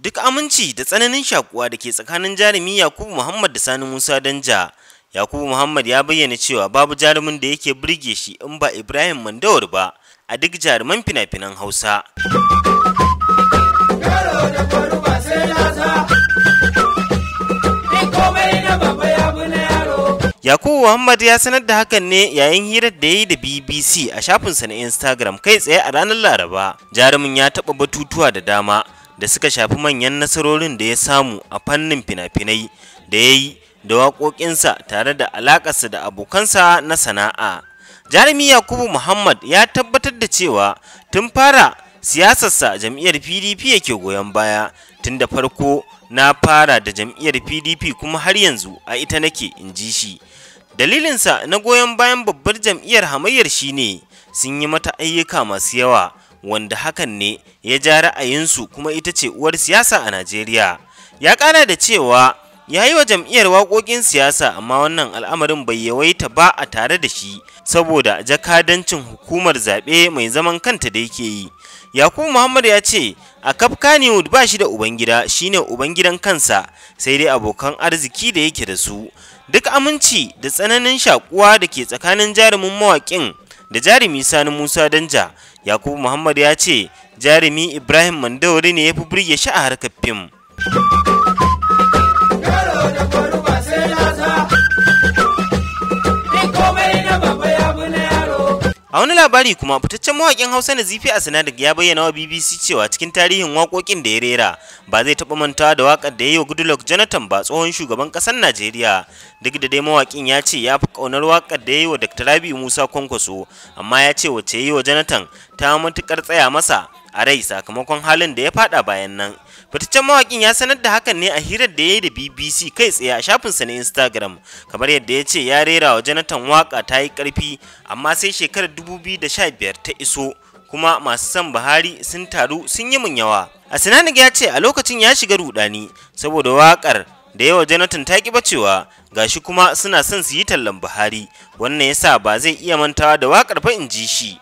Duk aminci da tsananin shakuwa da ke tsakanin jarumi Yakubu Muhammad da Sani Musa Danja, Yakubu Muhammad ya bayyana cewa babu jarumin da yake burge shi in ba Ibrahim Mandawar ba a duk jaruman fina-finan Hausa. Yakubu Muhammad ya sanar da hakan ne yayin hirar da ya yi da BBC a shafinsa na Instagram kai tsaye a ranar Laraba. Jarumin ya taɓa batutuwa da dama da suka shafi manyan nasarorin da ya samu a fannin fina-finai da ya yi da waƙoƙinsa tare da alaƙarsa da abokansa na sana'a. Jarumi Yakubu Muhammad ya tabbatar da cewa tun fara siyasarsa jam'iyyar PDP yake goyon baya tun da farko na fara da jam'iyyar PDP kuma har yanzu a ita nake in ji shi. Dalilinsa na goyon bayan babbar jam'iyyar hamayyar shine sun yi mata ayyuka masu yawa wanda hakan ne ya ja ra'ayinsu kuma ita ce uwar siyasa a Najeriya. Ya ƙara da cewa ya yi wa jam'iyyar waƙoƙin siyasa amma wannan al'amarin bai yawaita ba a tare da shi saboda jakadancin hukumar zaɓe mai zaman kanta da yake yi. Yakubu Muhammad ya ce a kaf ba shi da ubangida shine ubangidan kansa sai dai abokan arziki da yake da su. Duk aminci da tsananin shakuwa da ke tsakanin jarumin mawaƙin da jarumi Sani Musa Danja yakubu muhammad ya ce jarumi ibrahim mandawari ne ya fi burge shi a harkar fim a wani labari kuma fitaccen mawaƙin hausa na zifi a sinadik ya bayyana wa bbc cewa cikin tarihin waƙoƙin da ya rera ba zai taɓa mantawa da waƙar da ya yi wa goodluck jonathan ba tsohon shugaban ƙasar najeriya duk da dai mawaƙin ya ce ya fi ƙaunar waƙar da ya yi wa dr rabi musa kwankwaso amma ya ce wacce ya yi wa jonathan ta matukar tsaya masa a rai sakamakon halin da ya fada bayan nan fitaccen mawakin ya sanar da hakan ne a hirar da ya yi da bbc kai tsaye a shafinsa na instagram kamar yadda ya ce ya rera wa jonathan waka ta yi karfi amma sai shekarar dubu biyu da sha biyar ta iso kuma masu son buhari sun taru sun yi munyawa. yawa a sinanin ya ce a lokacin ya shiga rudani saboda wakar da yawa jonathan ta ki bacewa gashi kuma suna son su yi tallan buhari wannan yasa ba zai iya mantawa da wakar ba in ji shi